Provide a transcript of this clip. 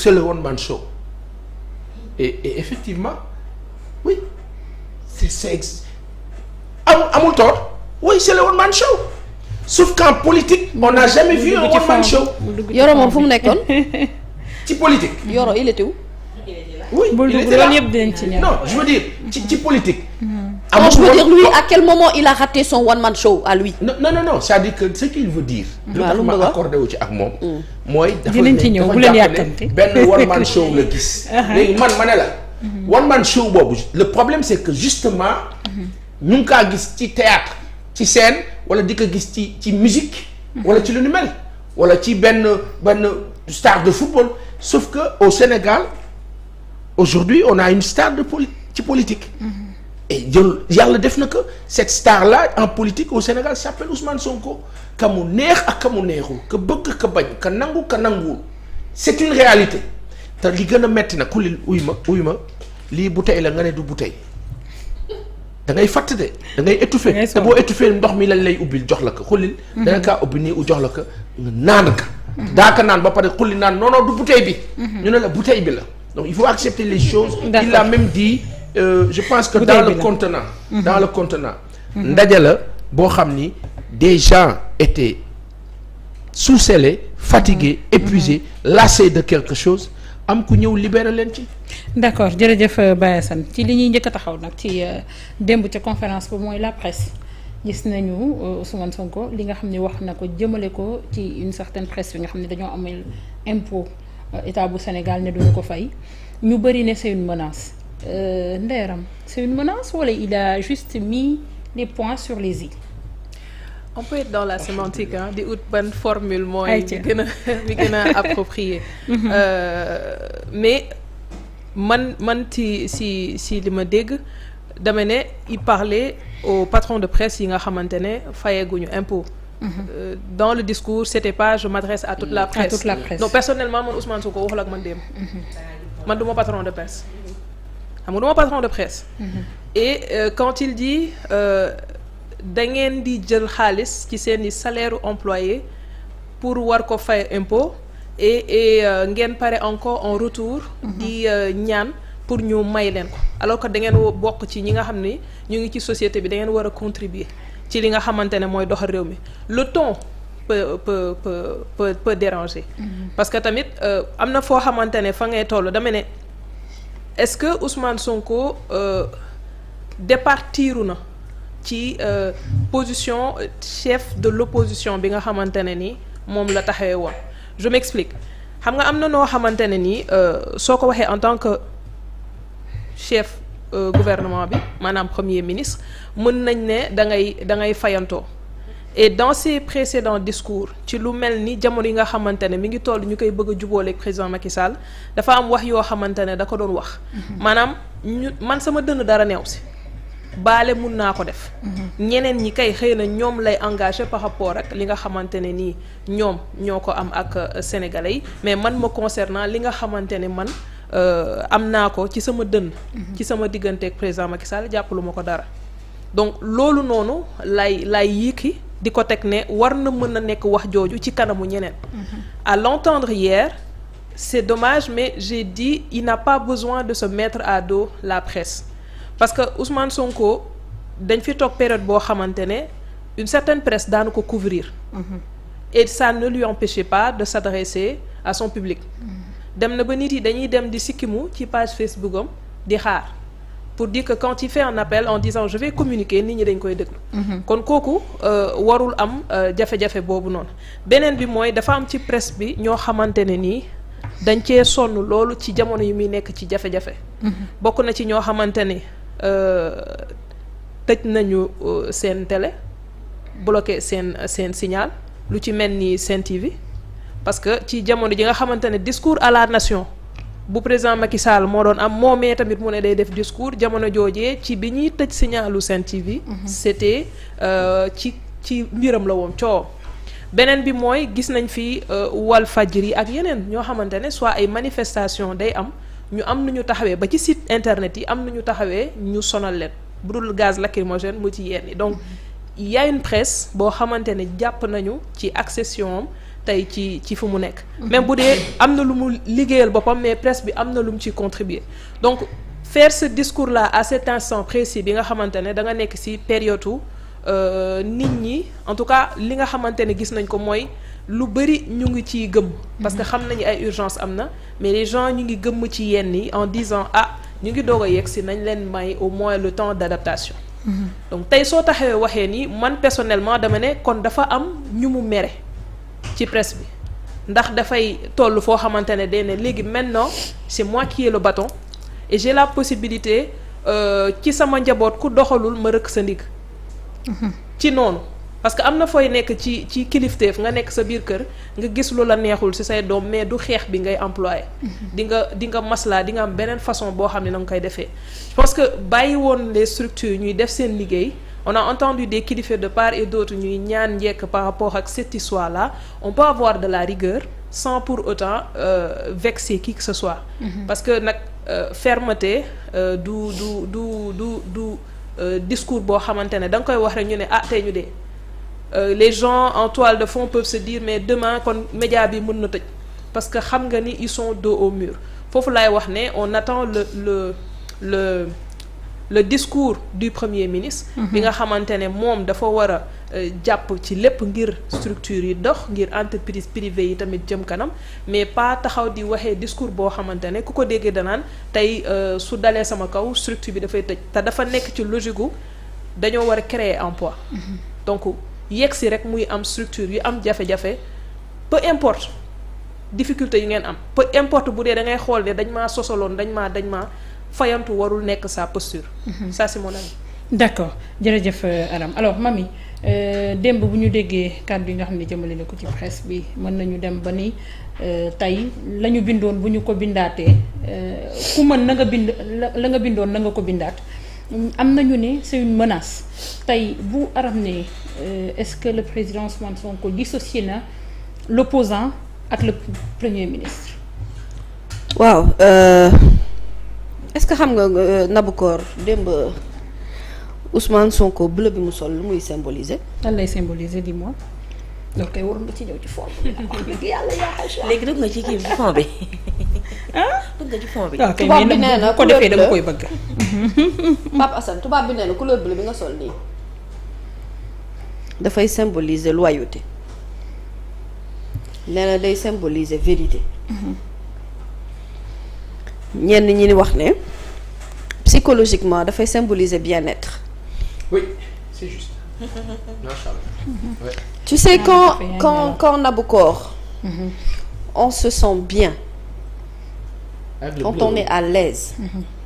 c'est le one man show effectivement oui c'est c'est amul amul tort oui c'est le one man show sauf qu'en politique on n'a jamais vu un one man show yoro moom fu mu nekkoon ci politique yoro il était où oui il était là non je veux dire ci ci politique hmm. Ah, Quand je veux dire lui à quel moment il a raté son one man show à wu ci ak moom. Mm. mooy dafa ne benn one man show la gis. Uh-huh. léegi man ma ne la. one man show boobu le problème c'est que justement. Mm-hmm. ñu ngi kaa gis ci théâtre ci scène wala di ko gis ci ci musique. Mm-hmm. wala ci lu ni mel. wala ci benn benn star de football sauf que au Sénégal aujourd'hui on a une star de ci politique. Mm-hmm. et jël yàlla def na que cette star la en politique au Sénégal s'appelle Ousmane Sonko ka mu neex ak ka mu neexul ka bëgg ka bañ ka nangu ka nanguwul c'est une réalité te li gën a metti na ku li uy ma uy lii bouteille la nga ne du bouteille da ngay fàtt de da ngay étouffé ndox mi lañ lay ubbil jox la ko xulil mhm. danga kaa ubbi nii u jox la ko naan ka mhm. daa ka naan ba pare xulli naan non du bouteille bi mhm. ñu ne la bouteille bi la il faut accepter les choses il a même dit Euh, je pense que mhm. dans le contenant dans le contenant ndaje la boo xam ni des gens étaient sous-sellés fatigués mhm. épuisés mhm. lassés de quelque chose am ku ñëw libéré leen ci d'accord jërëjëf euh, Baye ci li ñuy njëkk a taxaw nag ci euh, démb ca conférence bu mooy la presse gis nañu Ousmane Sonko li nga xam ne wax na ko jëmale ko ci une certaine presse bi nga xam ne dañoo amel impôt état bu Sénégal ne duñu ko fay ñu bëri ne c'est une menace Euh, Ndeyaram c'est une menace wala il a juste mis les points sur les i. on peut dans la sémantique ah di ut ban formule mooy bi gën a bi gën mais man man ci si si li ma dégg dama ne il parlait au patron de presse yi nga xamante ne fayeguñu impôt mhm. euh, dans le discours c'était pas je m'adresse à toute la presse. à la presse non personnellement man Ousmane Sonko waxul ak man démb mhm. man du ma patron de presse xam nga du ma de presse. Mm-hmm. et euh, quand il euh, da ngeen di jël xaalis ci seeni salaire employé pour war ko fay impo et et euh, ngeen pare encore en retour. Mm-hmm. di euh, ñaan. pour ñu may leen ko alors que da ngeen bokk ci ñi nga xam ni ñu ngi ci société bi da ngeen war a contribuer ci li nga xamante ne mooy doxal réew mi le ton peut peut déranger. Mm-hmm. parce que tamit am na foo xamante ne fa ngay toll dama ne. est-ce que Ousmane Sonko euh, départiru na ci euh, position euh, chef de l'opposition bi nga xamante ne ni moom la taxawee woon je m'explique xam nga am na noo xamante ne ni euh, soo ko waxee en tant que chef euh, gouvernement bi maanaam premier ministre mën nañ ne da ngay da ngay fayantoo et dans ses précédents discours ci lu mel ni jamono yi nga xamante ne mi ngi toll ñu koy bëgg a jubóoleeg président Macky dafa am wax yoo xamante ne da ko doon wax. Mhm. maanaam ñu man sama dënn dara neew si. baale mun naa ko def. Mhm. ñeneen ñi kay xëy na ñoom lay engagé par rapport ak li nga xamante ne nii ñoom ñoo ko am ak euh, sénégalais yi mais man ma concernant li nga xamante ne man euh, am naa ko ci sama dënn. Mhm. ci sama digganteeg président Macky Sall jàppalu ma ko dara. donc loolu noonu lay di ko teg ne war na mën na nekk wax jooju ci kanamu ñeneen. à l'entendre hier c'est dommage mais j'ai dit il n'a pas besoin de se mettre à dos la presse parce que Ousmane Sonko dañ fi toog période boo xamante ne une certaine presse daanu ko couvrir. Mm-hmm. et ça ne lui empêchait pas de s'adresser à son public. Mm-hmm. dem na ba nit yi dañuy dem di sikkimu ci page Facebook di xaar. pour dire que quand il fait un appel en disant je nit ñi dañ koy déglu mhm. kon kooku euh, warul am euh, jafe-jafe boobu noonu beneen bi mooy dafa am ci presse bi ñoo xamante ne nii dañ cee sonn loolu ci jamono yi muy nekk ci jafe-jafe mhm. bokk na ci ñoo xamante ni euh, tëj nañu seen tele bloqué seen seen signal lu ci mel ni seen TV parce que ci jamono ji nga xamante ne discours à la nation bu président Macky moo doon am moomee tamit mu ne day def discours jamono joojee ci bi ñuy tëj signalu Sen TV. Mhm. c'était euh, ci ci mbiram la woon coow. beneen bi mooy gis nañ fi euh, Walf yi ak yeneen ñoo xamante ne soit ay manifestation day am ñu am nu ñu taxawee ba ci site internet yi am nu ñu taxawee ñu sonal leen bu dul gaz lacrymogène mu ci yenn donc mhm. y a boo xamante ne jàpp nañu ci accession am tey ci ci fu mu nekk. Mhm. même bu dee am na lu mu liggéeyal boppam mais presse bi am na lu mu ciy contribuer donc faire ce discours là à cet instant précis bi nga xamante ne da nga nekk ci période euh, nit ñi en tout cas li nga xamante ne gis nañ ko mooy lu bëri ñu ngi ciy gëm. parce que mhm. xam nañu ay urgence am na mais les gens ñu ngi gëmm ci yenn yi en disant ah ñu ngi doog a yegg si nañ leen may au moins le temps d'adaptation. Mhm. donc tey soo taxee waxee ni man personnellement dama ne kon dafa am ñu mu mere. ci presse bi ndax dafay toll foo xamante ne day ne léegi maintenant c'est moi qui ai le bâton et la possibilité euh, ci sama njaboot ku doxalul ma rëkk sa ndig mhm. ci noonu parce que am na fooy nekk ci ci kilifteef nga nekk sa biir kër nga gis lu la neexul ci say doom mais du xeex bi ngay employé. Mhm. di nga di nga maslaa di nga am beneen façon boo xam ne na nga koy defee je que bàyyi woon les structures ñuy def seen liggéey on a entendu des kilifa de part et d'autre ñuy ñaan njekk par rapport ak cette histoire la on peut avoir de la rigueur sans pour autant euh, vexer qui que ce soit mm-hmm. parce que nag euh, fermeté euh, du du du du du euh, discours boo xamante ne da nga koy wax rek ñu ne ah tey ñu dee euh, les gens en toile de fond peuvent se dire mais demain kon média bi mën na tëj parce que xam nga ni ils sont dos au mur foofu laay wax ne on attend le le le le discours du premier ministre mhm. bi nga xamante ne moom dafa war a euh, jàpp ci lépp ngir structure yi dox ngir entreprise privée yi tamit jëm kanam mais pas taxaw di waxee discours boo xamante ne ku ko déggee danaan tey euh, su dalee sama kaw structure bi dafay tëj te dafa nekk ci logique gu dañoo war a créer emploi mhm. donc yegg si rek muy am structure yu am jafe-jafe peu importe difficulté yu ngeen am peu importe bu dee da ngay xool de dañ maa sosaloon dañ ma dañ maa fayantu warul nekk sa posture. Mhm. ça c'est mon avis. d'accord jërëjëf euh, Aram alors mami euh, démb bu ñu déggee kàddu bi nga xam ne jëmale na ko ci presse bi mën nañu dem ba ni euh, tey la ñu bindoon bu ñu ko bindaatee ku mën na nga bind la nga bindoon na nga ko bindaat am nañu ne c'est une menace tey bu Aram ne est-ce que le président Ousmane Sonko dissocié na l'opposant ak le premier ministre. waaw. est-ce que xam nga euh, Nabucor démb Ousmane Sonko bleu bi mu sol lu muy symboliser. lan lay symboliser dis-moi. donc kay waroon nga ci ñëw ci fond bi wax dëgg yàlla yaa léegi dëgg nga ci kii bi fond bi. bëgg nga ci fond bi. waaw ah, tubaab bi nee na ko defee dama koy bëgg. Pape Assane tubaab bi nee na couleur bleue bi nga sol nii. dafay symboliser loyauté. nee na day symboliser vérité. Mhm. ñenn ñi wax ne psychologiquement dafay symboliser bien-être. oui c'est juste. tu sais ah, quand quand quand corps. Mm-hmm. on se sent bien. quand on est à l'aise mm-hmm.